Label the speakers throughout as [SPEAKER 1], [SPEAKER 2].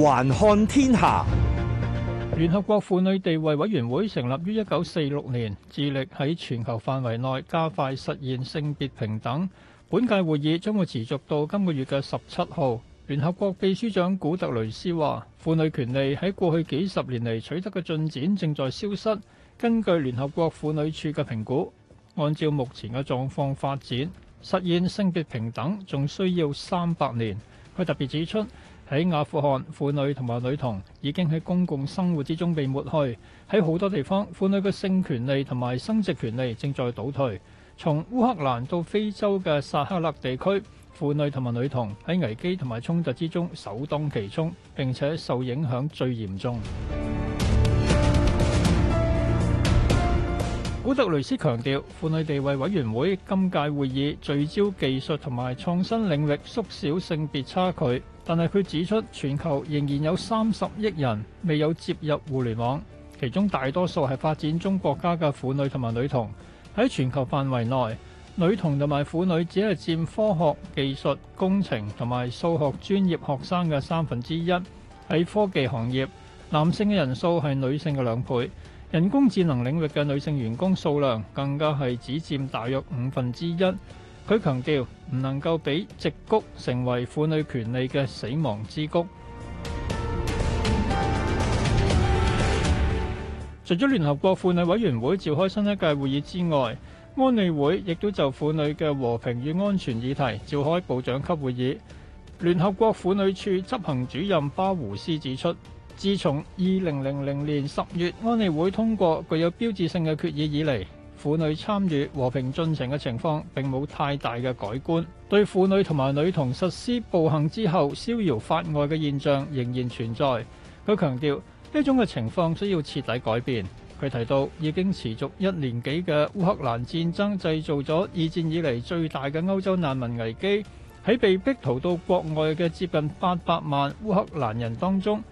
[SPEAKER 1] 環看天下，聯合國婦女地位委員會成立於一九四六年，致力喺全球範圍內加快實現性別平等。本屆會議將會持續到今個月嘅十七號。聯合國秘書長古特雷斯話，婦女權利喺過去幾十年嚟取得嘅進展正在消失。根據聯合國婦女署嘅評估，按照目前嘅狀況發展，實現性別平等仲需要三百年。佢特別指出：喺阿富汗，婦女同埋女童已經喺公共生活之中被抹去。喺好多地方，婦女嘅性權利同埋生殖權利正在倒退。從烏克蘭到非洲嘅薩赫勒地區，婦女同埋女童喺危機同埋衝突之中首當其衝，並且受影響最嚴重。古特雷斯強調，婦女地位委員會今屆會議聚焦技術同埋創新領域縮小性別差距，但係佢指出，全球仍然有三十億人未有接入互聯網，其中大多數係發展中國家嘅婦女同埋女童。喺全球範圍內，女童同埋婦女只係佔科學、技術、工程同埋數學專業學生嘅三分之一。喺科技行業，男性嘅人數係女性嘅兩倍。人工智能領域嘅女性員工數量更加係只佔大約五分之一。佢強調唔能夠俾矽谷成為婦女權利嘅死亡之谷。 除咗聯合國婦女委員會召開新一屆會議之外，安理會亦都就婦女嘅和平與安全議題召開部長級會議。聯合國婦女署執行主任巴胡斯指出，自從二零零零年十月安理會通過具有標誌性嘅決議以嚟，婦女參與和平進程嘅情況並冇太大嘅改觀，對婦女同埋女童實施暴行之後逍遙法外嘅現象仍然存在。佢強調呢種嘅情況需要徹底改變，佢提到已經持續一年幾嘅烏克蘭戰爭製造咗二戰以嚟最大嘅歐洲難民危機，喺被逼逃到國外嘅接近八百萬烏克蘭人當中，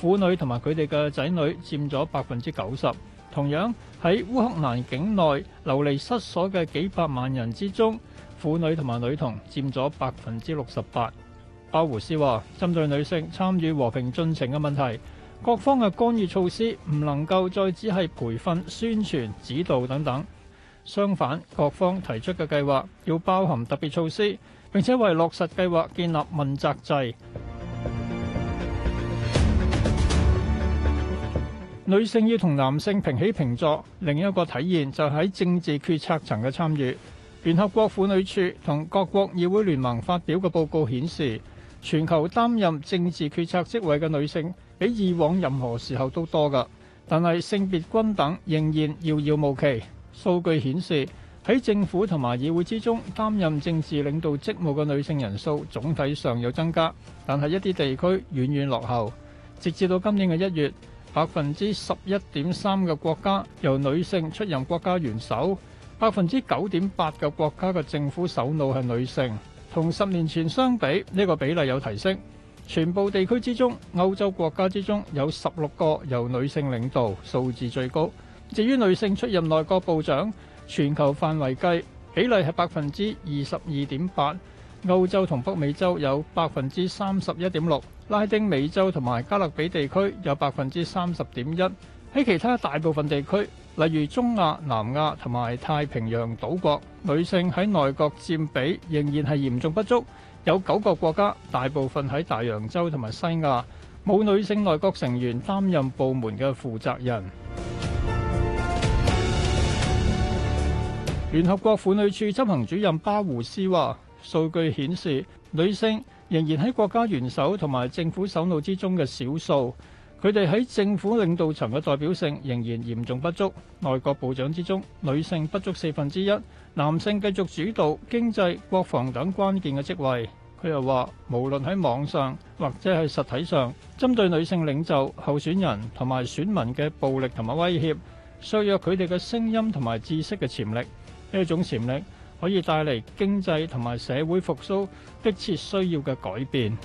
[SPEAKER 1] 婦女同埋佢哋嘅仔女佔咗百分之九十。同樣，喺烏克蘭境內流離失所嘅幾百萬人之中，婦女同埋女童佔咗百分之六十八。巴胡斯話：針對女性參與和平進程嘅問題，各方嘅干預措施唔能夠再只係培訓、宣傳、指導等等。相反，各方提出嘅計劃要包含特別措施，並且為落實計劃建立問責制。女性要同男性平起平坐，另一個體現就喺政治決策層嘅參與。聯合國婦女署同各國議會聯盟發表嘅報告顯示，全球擔任政治決策職位嘅女性比以往任何時候都多噶，但係性別均等仍然遙遙無期。數據顯示，喺政府同埋議會之中擔任政治領導職務嘅女性人數總體上有增加，但係一啲地區遠遠落後，直至到今年嘅一月。百分之十一點三嘅國家由女性出任國家元首，百分之九點八嘅國家嘅政府首腦係女性，同十年前相比呢個比例有提升。全部地區之中，歐洲國家之中有十六個由女性領導，數字最高。至於女性出任內閣部長，全球範圍計比例係百分之二十二點八，歐洲同北美洲有百分之三十一點六。拉丁美洲同埋加勒比地區有百分之三十點一，喺其他大部分地區，例如中亞、南亞同埋太平洋島國女性喺內閣佔比仍然係嚴重不足，有九個國家，大部分喺大洋洲同埋西亞冇女性內閣成員擔任部門嘅負責人。聯合國婦女署執行主任巴胡斯話數據顯示女性，仍然喺國家元首同埋政府首腦之中嘅少數，佢哋喺政府領導層嘅代表性仍然嚴重不足。內閣部長之中，女性不足四分之一，男性繼續主導經濟、國防等關鍵嘅職位。佢又話，無論喺網上或者喺實體上，針對女性領袖、候選人同埋選民嘅暴力同埋威脅，削弱佢哋嘅聲音同埋知識嘅潛力，呢種潛力，可以帶嚟經濟同埋社會復甦迫切需要嘅改變。